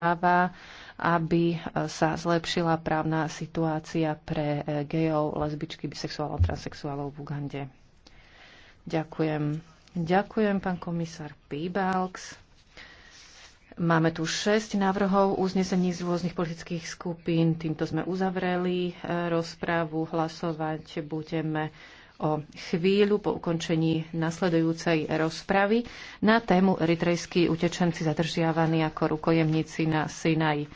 práva, aby e, sa zlepšila právna situácia pre e, gejov, lesbičky, bisexuálov, transexuálov v Ugande. Ďakujem. Ďakujem, pán komisár Pibalks. Máme tu 6 návrhov uznesení z rôznych politických skupín. Týmto sme uzavreli e, rozprávu. Hlasovať budeme o chvíľu po ukončení nasledujúcej rozpravy na tému eritrejskí utečenci zadržiavaní ako rukojemníci na Sinaji. Ehm,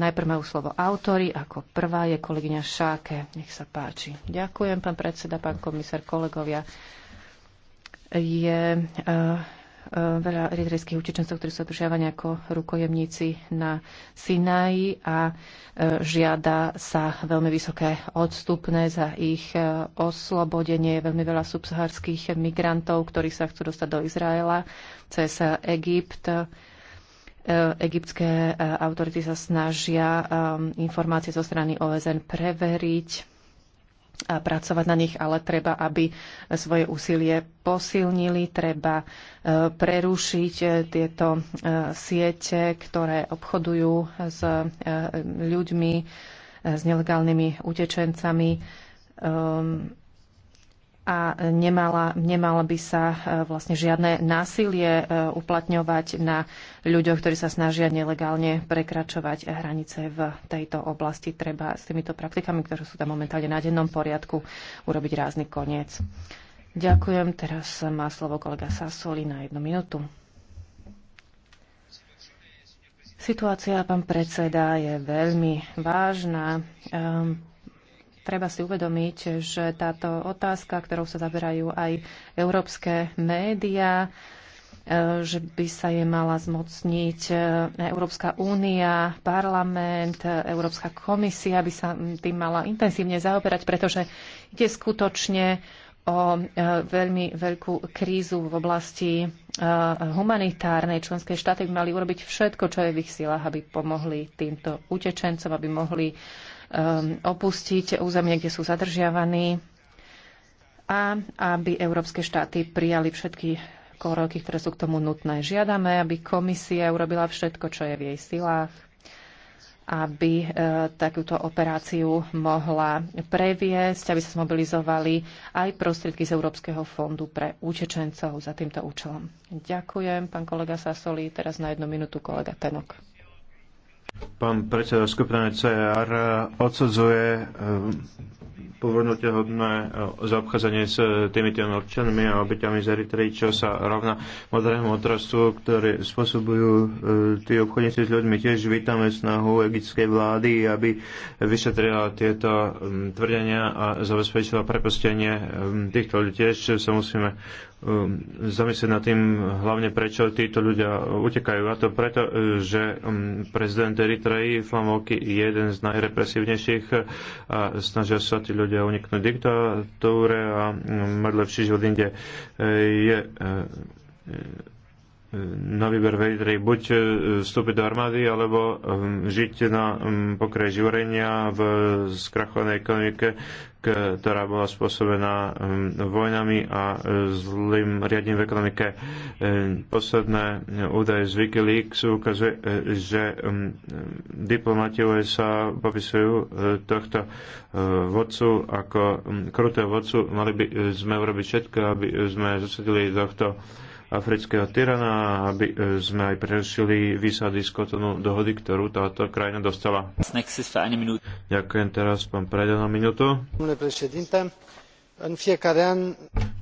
najprv majú slovo autory, ako prvá je kolegyňa Šáke. Nech sa páči. Ďakujem, pán predseda, pán komisár, kolegovia. Je Ehm, Eh, veľa eritrejských utečencov, ktorí sú držiavajú ako rukojemníci na Sinaji a eh, žiada sa veľmi vysoké odstupné za ich eh, oslobodenie. Veľmi veľa subsahárských migrantov, ktorí sa chcú dostať do Izraela cez Egypt. Egyptské autority sa snažia informácie zo strany OSN preveriť a pracovať na nich, ale treba, aby svoje úsilie posilnili, treba e, prerušiť e, tieto e, siete, ktoré obchodujú s ľuďmi, s nelegálnymi utečencami. Ehm, a nemala, nemala by sa e, vlastne žiadne násilie e, uplatňovať na ľuďoch, ktorí sa snažia nelegálne prekračovať hranice v tejto oblasti. Treba s týmito praktikami, ktoré sú tam momentálne na dennom poriadku, urobiť rázny koniec. Ďakujem. Teraz má slovo kolega Sasoli na jednu minútu. Situácia, pán predseda, je veľmi vážna. Um, treba si uvedomiť, že táto otázka, ktorou sa zaberajú aj európske médiá, e, že by sa je mala zmocniť e, Európska únia, parlament, e, Európska komisia by sa tým mala intenzívne zaoberať, pretože ide skutočne o veľmi veľkú krízu v oblasti humanitárnej. Členské štáty by mali urobiť všetko, čo je v ich silách, aby pomohli týmto utečencom, aby mohli Um, opustiť územie, kde sú zadržiavaní a aby európske štáty prijali všetky kroky, ktoré sú k tomu nutné. Žiadame, aby komisia urobila všetko, čo je v jej silách, aby e, takúto operáciu mohla previesť, aby sa zmobilizovali aj prostriedky z Európskeho fondu pre utečencov za týmto účelom. Ďakujem, pán kolega Sasoli. Teraz na jednu minútu kolega Tenok. Pán predseda skupiny CR odsudzuje eh, povrnutie eh, zaobchádzanie s eh, týmito občanmi a obyťami z Eritreji, čo sa rovná modrému otrastu, ktoré spôsobujú tí obchodníci s ľuďmi. Tiež vítame snahu egyptskej vlády, aby vyšetrila tieto mm, tvrdenia a zabezpečila prepustenie týchto ľudí. Tiež sa musíme Um, zamyslieť nad tým hlavne, prečo títo ľudia utekajú. A to preto, uh, že um, prezident Eritreji Flamoky je jeden z najrepresívnejších uh, a snažia sa tí ľudia uniknúť diktatúre a um, mať lepší život inde. Uh, je na výber veľtrej buď e, vstúpiť do armády, alebo žiť na pokraji živorenia v skrachovanej ekonomike, ktorá bola spôsobená vojnami a e, zlým riadením v ekonomike. E, posledné údaje z Wikileaks ukazuje, že diplomati USA popisujú tohto vodcu ako krutého vodcu. Mali by sme urobiť všetko, aby sme zasadili tohto afrického tyrana, aby e, sme aj prerušili výsady z kotonu dohody, ktorú táto krajina dostala. Ďakujem teraz, pán Preda, na minútu.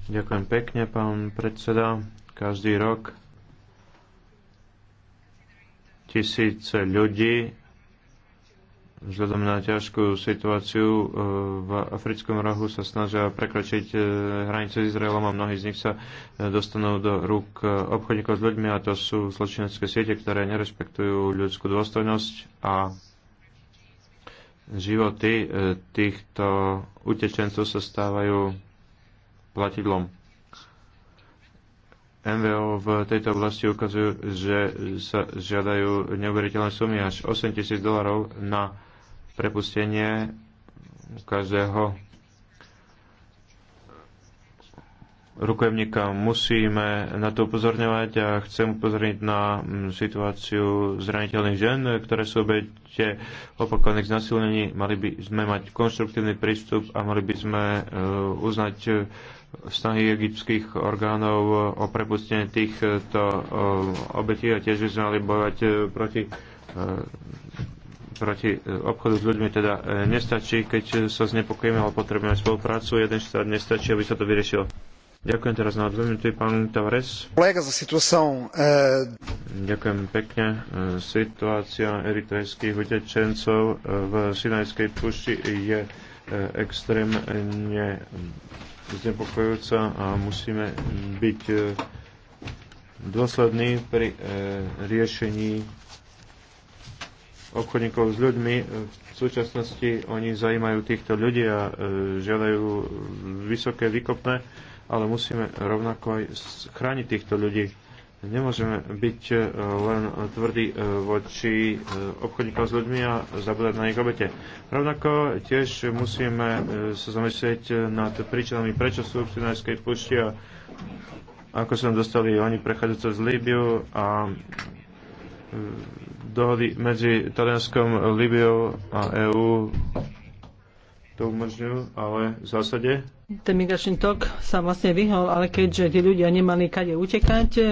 Ďakujem pekne, pán predseda. Každý rok tisíce ľudí vzhľadom na ťažkú situáciu e, v africkom rohu sa snažia prekročiť e, hranice s Izraelom a mnohí z nich sa e, dostanú do rúk obchodníkov s ľuďmi a to sú zločinecké siete, ktoré nerespektujú ľudskú dôstojnosť a životy týchto utečencov sa stávajú platidlom. MVO v tejto oblasti ukazujú, že sa žiadajú neuveriteľné sumy až 8 tisíc dolarov na prepustenie každého rukojemníka musíme na to upozorňovať a chcem upozorniť na mm, situáciu zraniteľných žen, ktoré sú obete opakovaných znasilnení. Mali by sme mať konštruktívny prístup a mali by sme e, uznať snahy egyptských orgánov o prepustenie týchto e, obetí a tiež by sme mali bojovať e, proti proti e, obchodu s ľuďmi teda e, nestačí, keď e, sa znepokojíme, ale potrebujeme spoluprácu. Jeden štát nestačí, aby sa to vyriešilo. Ďakujem teraz na dve minúty, pán Tavares. Kolega za situáciu. Ďakujem pekne. Situácia eritrejských utečencov v Sinajskej púšti je extrémne znepokojujúca a musíme byť dôslední pri riešení obchodníkov s ľuďmi. V súčasnosti oni zajímajú týchto ľudí a e, žiadajú vysoké výkopné, ale musíme rovnako aj chrániť týchto ľudí. Nemôžeme byť e, len tvrdí e, voči obchodníkov s ľuďmi a zabúdať na ich obete. Rovnako tiež musíme sa zamyslieť nad príčinami, prečo sú v Sinajskej púšti a ako sa dostali oni prechádzať cez Líbiu a dohody medzi Talianskom, Libiou a EÚ to umožnil, ale v zásade... Ten migračný tok sa vlastne vyhol, ale keďže tí ľudia nemali kade utekať, e,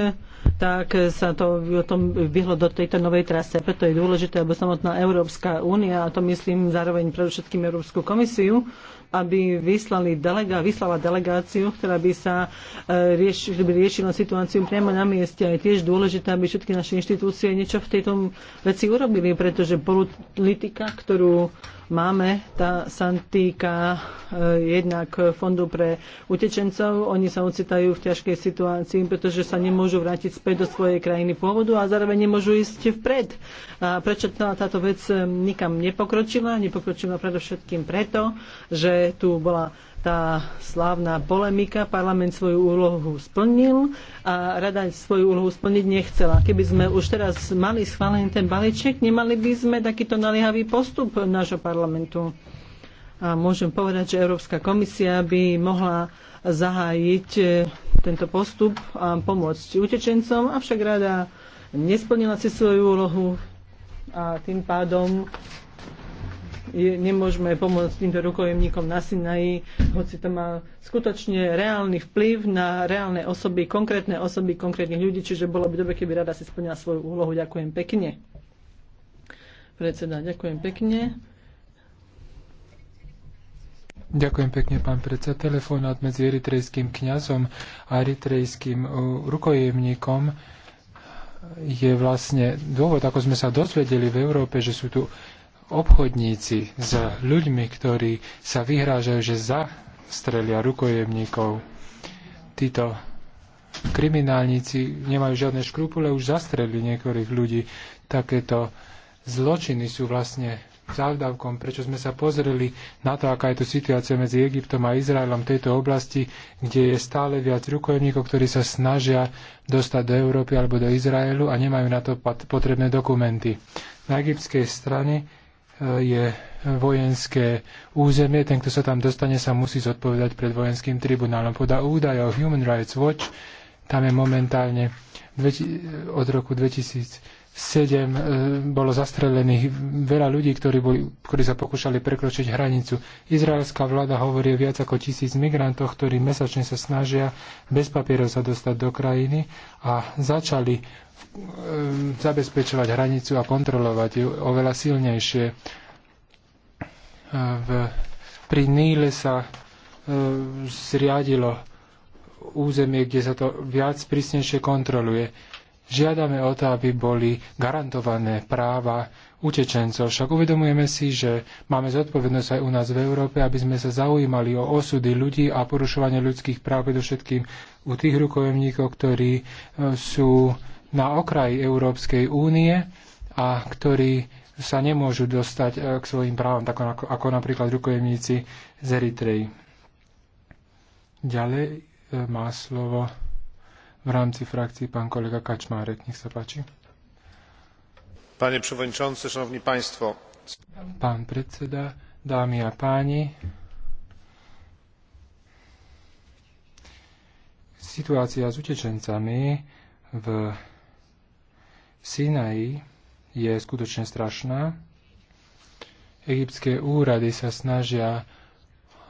tak sa to o tom vyhlo do tejto novej trase. Preto je dôležité, aby samotná Európska únia, a to myslím zároveň pre všetkým Európsku komisiu, aby vyslali delega, vyslala delegáciu, ktorá by sa e, rieš, by riešila situáciu priamo na mieste. A je tiež dôležité, aby všetky naše inštitúcie niečo v tejto veci urobili, pretože politika, ktorú máme, tá sa týka eh, jednak Fondu pre utečencov. Oni sa ocitajú v ťažkej situácii, pretože sa nemôžu vrátiť späť do svojej krajiny pôvodu a zároveň nemôžu ísť vpred. A prečo tá, táto vec eh, nikam nepokročila? Nepokročila predovšetkým preto, že tu bola tá slávna polemika, parlament svoju úlohu splnil a rada svoju úlohu splniť nechcela. Keby sme už teraz mali schválený ten balíček, nemali by sme takýto naliehavý postup nášho parlamentu. A môžem povedať, že Európska komisia by mohla zahájiť e, tento postup a pomôcť utečencom, avšak rada nesplnila si svoju úlohu a tým pádom nemôžeme pomôcť týmto rukojemníkom na Sinaji, hoci to má skutočne reálny vplyv na reálne osoby, konkrétne osoby, konkrétnych ľudí, čiže bolo by dobre, keby rada si splnila svoju úlohu. Ďakujem pekne. Predseda, ďakujem pekne. Ďakujem pekne, pán predsa. Telefonát medzi eritrejským kňazom a eritrejským uh, rukojemníkom je vlastne dôvod, ako sme sa dozvedeli v Európe, že sú tu obchodníci s ľuďmi, ktorí sa vyhrážajú, že zastrelia rukojemníkov. Títo kriminálnici nemajú žiadne škrupule, už zastreli niektorých ľudí. Takéto zločiny sú vlastne závdavkom, prečo sme sa pozreli na to, aká je tu situácia medzi Egyptom a Izraelom v tejto oblasti, kde je stále viac rukojemníkov, ktorí sa snažia dostať do Európy alebo do Izraelu a nemajú na to potrebné dokumenty. Na egyptskej strane je vojenské územie, ten, kto sa tam dostane, sa musí zodpovedať pred vojenským tribunálom. Podľa údajov Human Rights Watch tam je momentálne od roku 2000 7 e, bolo zastrelených veľa ľudí, ktorí, boli, ktorí sa pokúšali prekročiť hranicu. Izraelská vláda hovorí o viac ako tisíc migrantov, ktorí mesačne sa snažia bez papierov sa dostať do krajiny a začali e, zabezpečovať hranicu a kontrolovať ju oveľa silnejšie. E, v, pri Níle sa e, zriadilo územie, kde sa to viac prísnejšie kontroluje Žiadame o to, aby boli garantované práva utečencov. Však uvedomujeme si, že máme zodpovednosť aj u nás v Európe, aby sme sa zaujímali o osudy ľudí a porušovanie ľudských práv, predovšetkým u tých rukojemníkov, ktorí e, sú na okraji Európskej únie a ktorí sa nemôžu dostať e, k svojim právam, tak ako, ako napríklad rukojemníci z Eritreji. Ďalej e, má slovo v rámci frakcji pán kolega kaczmarek. Nech sa páči. Panie przewodniczący, szanowni państwo. Pán predseda, dámy a páni, situácia s utečencami v Sinaji je skutočne strašná. Egyptské úrady sa snažia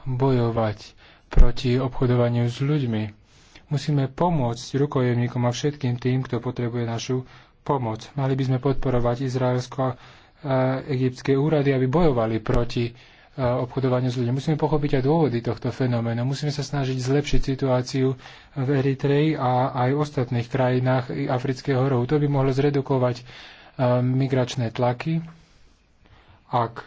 bojovať proti obchodovaniu s ľuďmi Musíme pomôcť rukojemníkom a všetkým tým, kto potrebuje našu pomoc. Mali by sme podporovať izraelsko a egyptské úrady, aby bojovali proti e, obchodovaniu s ľuďmi. Musíme pochopiť aj dôvody tohto fenoménu. Musíme sa snažiť zlepšiť situáciu v Eritreji a aj v ostatných krajinách Afrického rohu. To by mohlo zredukovať e, migračné tlaky. Ak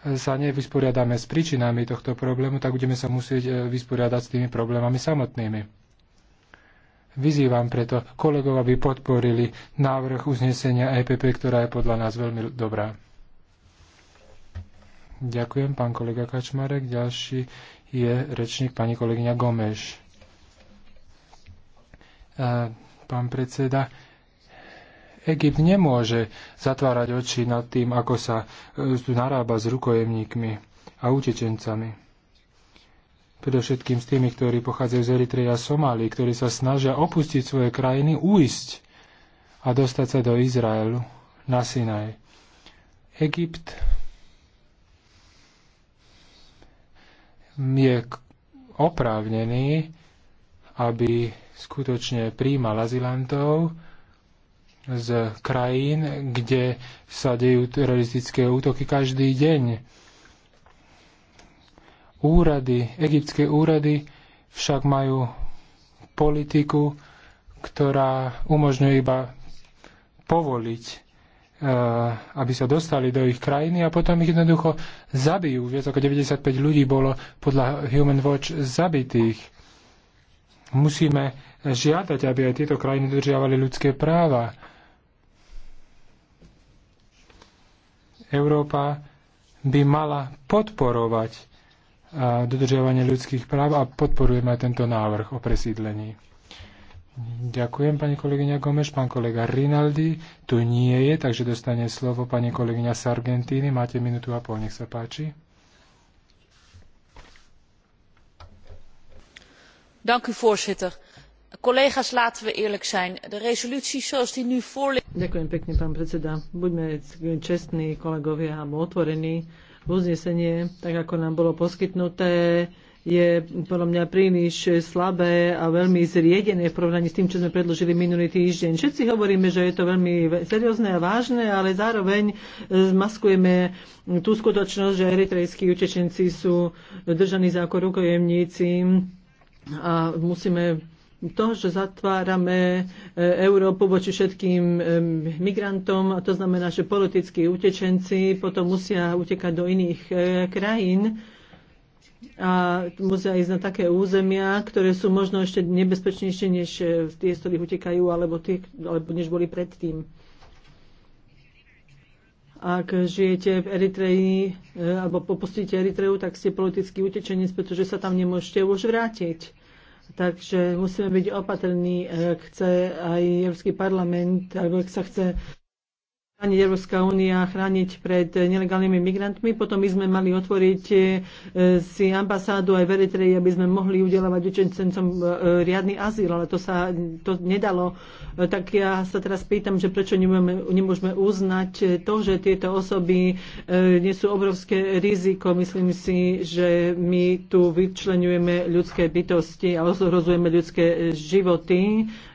sa nevysporiadame s príčinami tohto problému, tak budeme sa musieť e, vysporiadať s tými problémami samotnými. Vyzývam preto kolegov, aby podporili návrh uznesenia EPP, ktorá je podľa nás veľmi dobrá. Ďakujem, pán kolega Kačmarek. Ďalší je rečník pani kolegyňa Gomeš. E, pán predseda, Egypt nemôže zatvárať oči nad tým, ako sa e, narába s rukojemníkmi a utečencami predovšetkým s tými, ktorí pochádzajú z Eritreje a Somálii, ktorí sa snažia opustiť svoje krajiny, uísť a dostať sa do Izraelu, na Sinaj. Egypt je oprávnený, aby skutočne príjmal azilantov z krajín, kde sa dejú teroristické útoky každý deň úrady, egyptské úrady však majú politiku, ktorá umožňuje iba povoliť, e, aby sa dostali do ich krajiny a potom ich jednoducho zabijú. Viac ako 95 ľudí bolo podľa Human Watch zabitých. Musíme žiadať, aby aj tieto krajiny dodržiavali ľudské práva. Európa by mala podporovať a dodržiavanie ľudských práv a podporujeme aj tento návrh o presídlení. Ďakujem, pani kolegyňa Gomeš. Pán kolega Rinaldi tu nie je, takže dostane slovo pani kolegyňa Sargentini. Máte minútu a pol, nech sa páči. Dank u, voorzitter. Collega's, laten we eerlijk zijn. De resolutie zoals die nu voorligt... Ďakujem pekne, pán predseda. Buďme čestní, kolegovia, alebo otvorení uznesenie, tak ako nám bolo poskytnuté, je podľa mňa príliš slabé a veľmi zriedené v porovnaní s tým, čo sme predložili minulý týždeň. Všetci hovoríme, že je to veľmi seriózne a vážne, ale zároveň zmaskujeme tú skutočnosť, že eritrejskí utečenci sú držaní za korukojemníci a musíme to, že zatvárame e, Európu voči všetkým e, migrantom, a to znamená, že politickí utečenci potom musia utekať do iných e, krajín a musia ísť na také územia, ktoré sú možno ešte nebezpečnejšie než tie, z ktorých utekajú, alebo, tie, alebo než boli predtým. Ak žijete v Eritreji alebo popustíte Eritreju, tak ste politický utečenec, pretože sa tam nemôžete už vrátiť Takže musíme byť opatrní, eh, ak chce aj Európsky parlament, alebo ak sa chce chrániť Európska únia, chrániť pred nelegálnymi migrantmi. Potom my sme mali otvoriť e, si ambasádu aj v Eritreji, aby sme mohli udelovať učencom e, riadny azyl, ale to sa to nedalo. E, tak ja sa teraz pýtam, že prečo nemôžeme, nemôžeme uznať to, že tieto osoby nie sú obrovské riziko. Myslím si, že my tu vyčlenujeme ľudské bytosti a ohrozujeme ľudské životy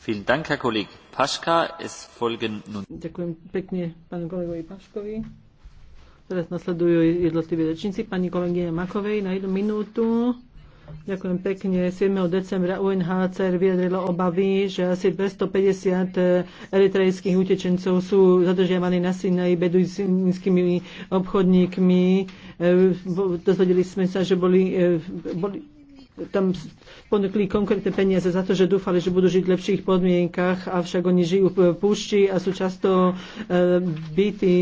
Ďakujem pekne pánu kolegovi Paškovi. Teraz nasledujú jednotliví rečníci. Pani kolegyne Makovej na jednu minútu. Ďakujem pekne. 7. decembra UNHCR vyjadrilo obavy, že asi 250 eritrejských utečencov sú zadržiavaní na Sinaji beduínskymi obchodníkmi. E, dozvedeli sme sa, že boli, e, boli tam ponúkli konkrétne peniaze za to, že dúfali, že budú žiť v lepších podmienkach, avšak oni žijú v púšti a sú často e, bytí.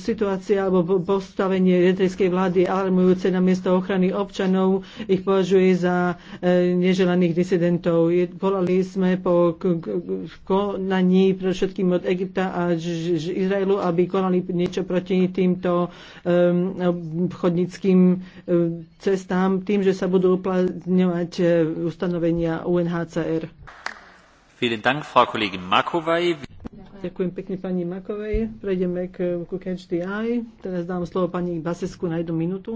Situácia alebo postavenie eritrejskej vlády alarmujúce na miesto ochrany občanov, ich považuje za e, neželaných disidentov. Volali sme po konaní pre všetkým od Egypta a Izraelu, aby konali niečo proti týmto e, chodnickým cestám, tým, že sa budú uplatňovať uplatňovať e, ustanovenia UNHCR. Ďakujem pekne pani Makovej. Prejdeme k, k Catch the Eye. Teraz dám slovo pani Basescu na jednu minútu.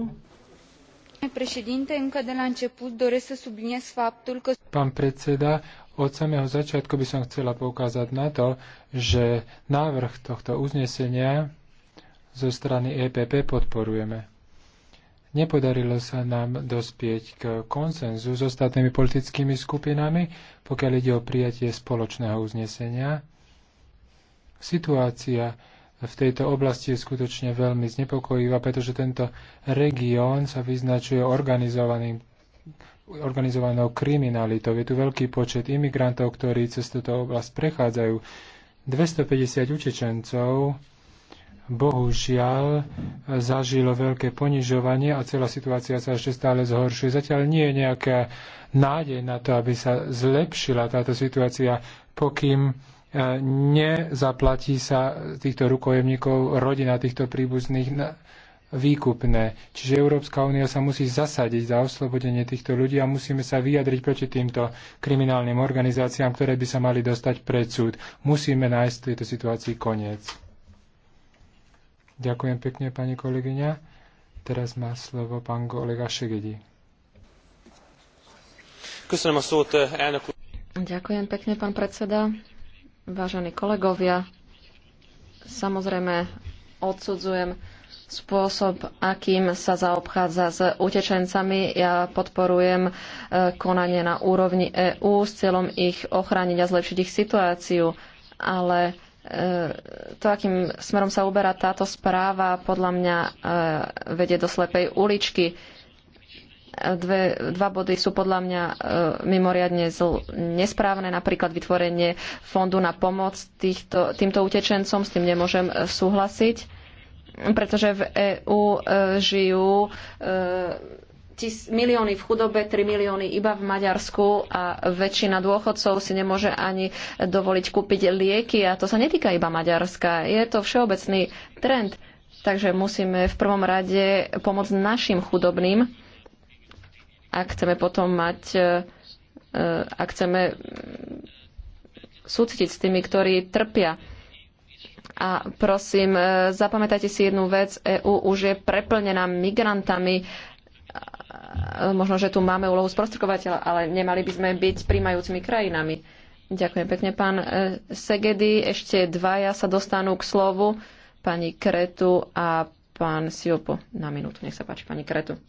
Pán predseda, od samého začiatku by som chcela poukázať na to, že návrh tohto uznesenia zo strany EPP podporujeme. Nepodarilo sa nám dospieť k konsenzu s ostatnými politickými skupinami, pokiaľ ide o prijatie spoločného uznesenia. Situácia v tejto oblasti je skutočne veľmi znepokojivá, pretože tento región sa vyznačuje organizovaným organizovanou kriminalitou. Je tu veľký počet imigrantov, ktorí cez túto oblasť prechádzajú. 250 utečencov bohužiaľ zažilo veľké ponižovanie a celá situácia sa ešte stále zhoršuje. Zatiaľ nie je nejaká nádej na to, aby sa zlepšila táto situácia, pokým e, nezaplatí sa týchto rukojemníkov rodina týchto príbuzných na výkupné. Čiže Európska únia sa musí zasadiť za oslobodenie týchto ľudí a musíme sa vyjadriť proti týmto kriminálnym organizáciám, ktoré by sa mali dostať pred súd. Musíme nájsť v tejto situácii koniec. Ďakujem pekne, pani kolegyňa. Teraz má slovo pán kolega Šegedi. Ďakujem pekne, pán predseda. Vážení kolegovia, samozrejme odsudzujem spôsob, akým sa zaobchádza s utečencami. Ja podporujem e, konanie na úrovni EÚ s cieľom ich ochrániť a zlepšiť ich situáciu, ale E, to, akým smerom sa uberá táto správa, podľa mňa e, vedie do slepej uličky. E, dve, dva body sú podľa mňa mimoriadne zl, nesprávne, napríklad vytvorenie fondu na pomoc týchto, týmto utečencom, s tým nemôžem súhlasiť, pretože v EÚ žijú tis, milióny v chudobe, 3 milióny iba v Maďarsku a väčšina dôchodcov si nemôže ani dovoliť kúpiť lieky a to sa netýka iba Maďarska. Je to všeobecný trend, takže musíme v prvom rade pomôcť našim chudobným, ak chceme potom mať, e, e, ak chceme súcitiť s tými, ktorí trpia. A prosím, e, zapamätajte si jednu vec, EÚ už je preplnená migrantami, možno, že tu máme úlohu sprostredkovateľa, ale nemali by sme byť príjmajúcimi krajinami. Ďakujem pekne, pán e, Segedy. Ešte dvaja sa dostanú k slovu. Pani Kretu a pán Siopo. Na minútu, nech sa páči, pani Kretu.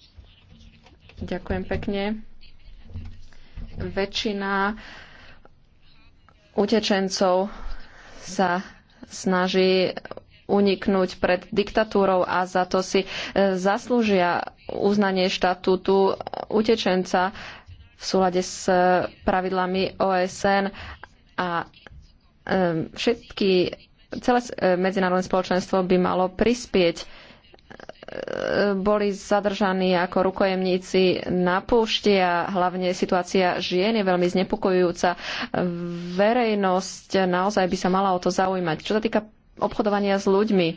Ďakujem pekne. Väčšina utečencov sa snaží uniknúť pred diktatúrou a za to si e, zaslúžia uznanie štatútu utečenca v súlade s e, pravidlami OSN a e, všetky, celé medzinárodné spoločenstvo by malo prispieť boli zadržaní ako rukojemníci na púšti a hlavne situácia žien je veľmi znepokojujúca. Verejnosť naozaj by sa mala o to zaujímať. Čo sa týka obchodovania s ľuďmi.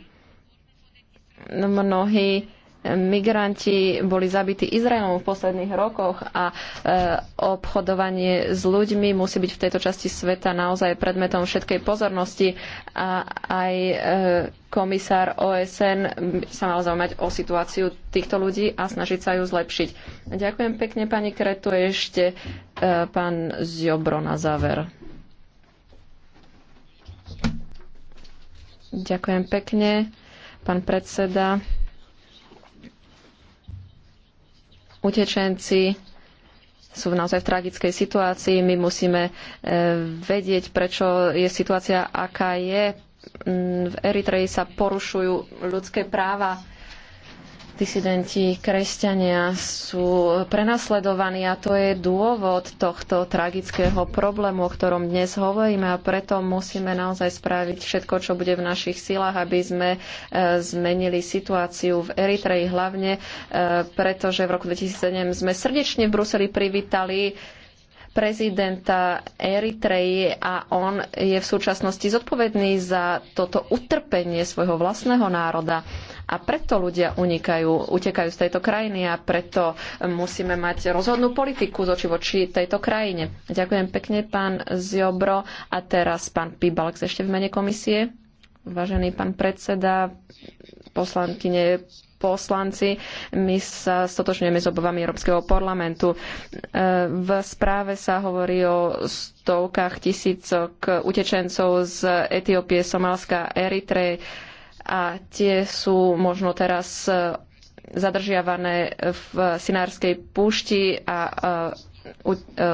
Mnohí migranti boli zabití Izraelom v posledných rokoch a e, obchodovanie s ľuďmi musí byť v tejto časti sveta naozaj predmetom všetkej pozornosti a aj e, komisár OSN sa mal zaujímať o situáciu týchto ľudí a snažiť sa ju zlepšiť. Ďakujem pekne, pani Kretu. Ešte e, pán Ziobro na záver. Ďakujem pekne, pán predseda. Utečenci sú naozaj v tragickej situácii. My musíme e, vedieť, prečo je situácia, aká je. Mm, v Eritreji sa porušujú ľudské práva disidenti, kresťania sú prenasledovaní a to je dôvod tohto tragického problému, o ktorom dnes hovoríme a preto musíme naozaj spraviť všetko, čo bude v našich silách, aby sme e, zmenili situáciu v Eritreji hlavne, e, pretože v roku 2007 sme srdečne v Bruseli privítali prezidenta Eritreji a on je v súčasnosti zodpovedný za toto utrpenie svojho vlastného národa a preto ľudia unikajú, utekajú z tejto krajiny a preto musíme mať rozhodnú politiku zoči voči tejto krajine. Ďakujem pekne, pán Ziobro. A teraz pán Pibalx ešte v mene komisie. Vážený pán predseda, poslankyne, poslanci, my sa stotočňujeme s obavami Európskeho parlamentu. E, v správe sa hovorí o stovkách tisícok utečencov z Etiópie, Somálska, Eritreje a tie sú možno teraz e, zadržiavané v Sinárskej púšti a e, e,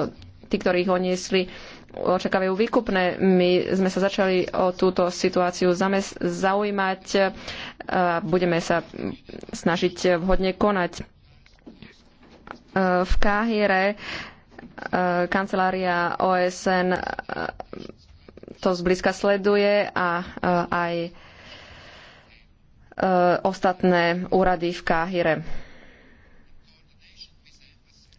tí, ktorí ich oniesli, očakávajú výkupné. My sme sa začali o túto situáciu zaujímať a budeme sa snažiť vhodne konať. V Káhire kancelária OSN to zblízka sleduje a aj Eh, ostatné úrady v Káhire.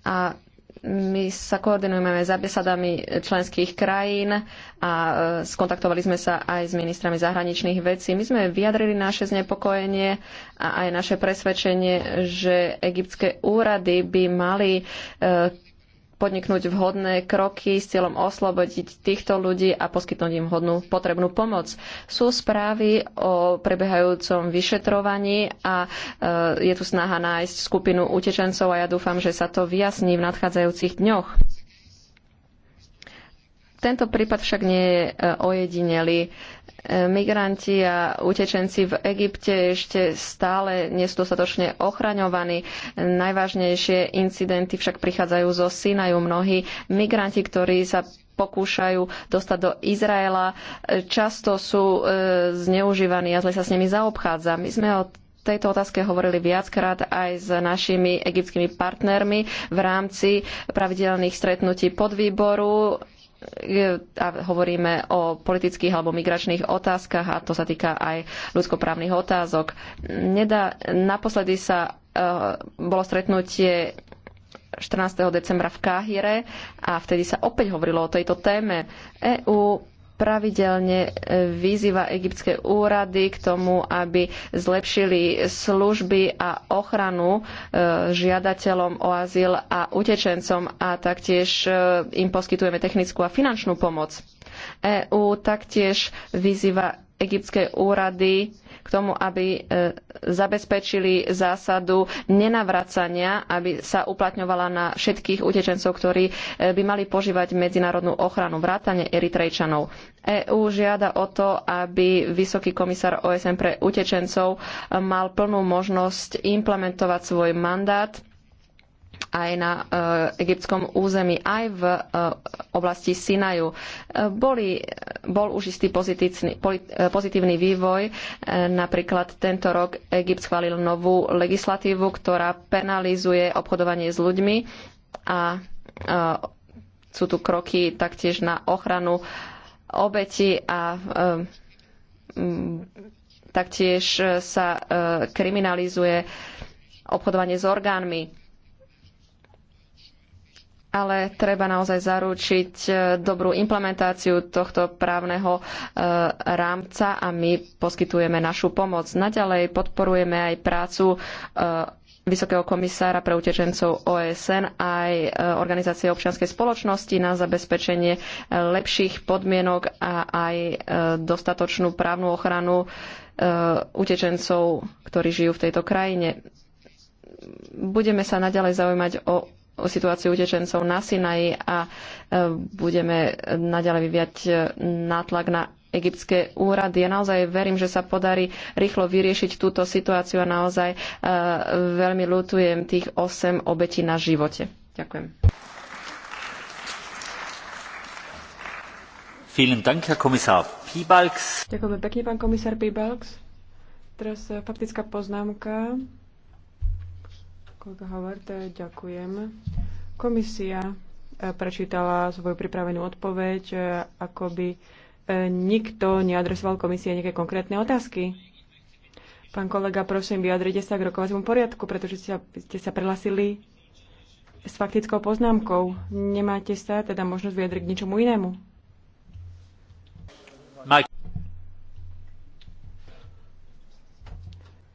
A my sa koordinujeme s ambasadami členských krajín a eh, skontaktovali sme sa aj s ministrami zahraničných vecí. My sme vyjadrili naše znepokojenie a aj naše presvedčenie, že egyptské úrady by mali eh, podniknúť vhodné kroky s cieľom oslobodiť týchto ľudí a poskytnúť im hodnú potrebnú pomoc. Sú správy o prebehajúcom vyšetrovaní a e, je tu snaha nájsť skupinu utečencov a ja dúfam, že sa to vyjasní v nadchádzajúcich dňoch. Tento prípad však nie je e, ojedineli. E, migranti a utečenci v Egypte ešte stále nie sú dostatočne ochraňovaní. Najvážnejšie incidenty však prichádzajú zo Sinaju. Mnohí migranti, ktorí sa pokúšajú dostať do Izraela, e, často sú zneužívaní a zle sa s nimi zaobchádza. My sme od tejto otázke hovorili viackrát aj s našimi egyptskými partnermi v rámci pravidelných stretnutí podvýboru a hovoríme o politických alebo migračných otázkach a to sa týka aj ľudskoprávnych otázok. Nedá, naposledy sa uh, bolo stretnutie 14. decembra v Káhire a vtedy sa opäť hovorilo o tejto téme. EÚ pravidelne e, vyzýva egyptské úrady k tomu, aby zlepšili služby a ochranu e, žiadateľom o azyl a utečencom a taktiež e, im poskytujeme technickú a finančnú pomoc. EÚ taktiež vyzýva egyptské úrady k tomu, aby e, zabezpečili zásadu nenavracania, aby sa uplatňovala na všetkých utečencov, ktorí e, by mali požívať medzinárodnú ochranu vrátane Eritrejčanov. EÚ žiada o to, aby vysoký komisár OSN pre utečencov e, mal plnú možnosť implementovať svoj mandát aj na eh, egyptskom území, aj v eh, oblasti Sinaju. Eh, boli, bol už istý pozitívny, pozitívny vývoj. Napríklad tento rok Egypt schválil novú legislatívu, ktorá penalizuje obchodovanie s ľuďmi a sú tu kroky taktiež na ochranu obeti a taktiež sa kriminalizuje obchodovanie s orgánmi ale treba naozaj zaručiť e, dobrú implementáciu tohto právneho e, rámca a my poskytujeme našu pomoc. Naďalej podporujeme aj prácu e, Vysokého komisára pre utečencov OSN aj organizácie občianskej spoločnosti na zabezpečenie lepších podmienok a aj dostatočnú právnu ochranu utečencov, ktorí žijú v tejto krajine budeme sa naďalej zaujímať o situáciu utečencov na Sinaji a e, budeme naďalej vyviať e, nátlak na egyptské úrady. Ja naozaj verím, že sa podarí rýchlo vyriešiť túto situáciu a naozaj e, veľmi lutujem tých 8 obetí na živote. Ďakujem. Ďakujem pekne, pán komisár Pibalks. Teraz faktická poznámka. Kolega Howard, ďakujem. Komisia e, prečítala svoju pripravenú odpoveď, e, ako by e, nikto neadresoval komisie nejaké konkrétne otázky. Pán kolega, prosím, vyjadrite sa k rokovaciemu poriadku, pretože ste, ste sa prihlasili s faktickou poznámkou. Nemáte sa teda možnosť vyjadriť k ničomu inému.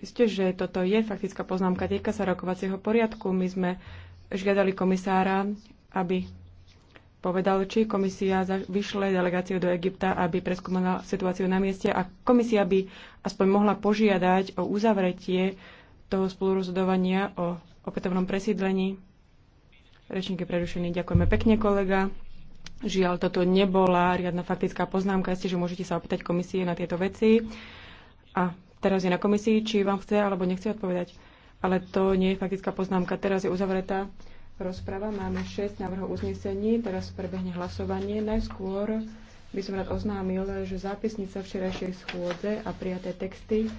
Isté, že toto je faktická poznámka, týka sa rokovacieho poriadku. My sme žiadali komisára, aby povedal, či komisia vyšle delegáciu do Egypta, aby preskúmala situáciu na mieste a komisia by aspoň mohla požiadať o uzavretie toho spolurozhodovania o opätovnom presídlení. Rečník je prerušený. Ďakujeme pekne, kolega. Žiaľ, toto nebola riadna faktická poznámka. Ste, že môžete sa opýtať komisie na tieto veci. A Teraz je na komisii, či vám chce alebo nechce odpovedať. Ale to nie je faktická poznámka. Teraz je uzavretá rozprava. Máme 6 návrhov uznesení. Teraz prebehne hlasovanie. Najskôr by som rád oznámil, že zápisnica včerajšej schôdze a prijaté texty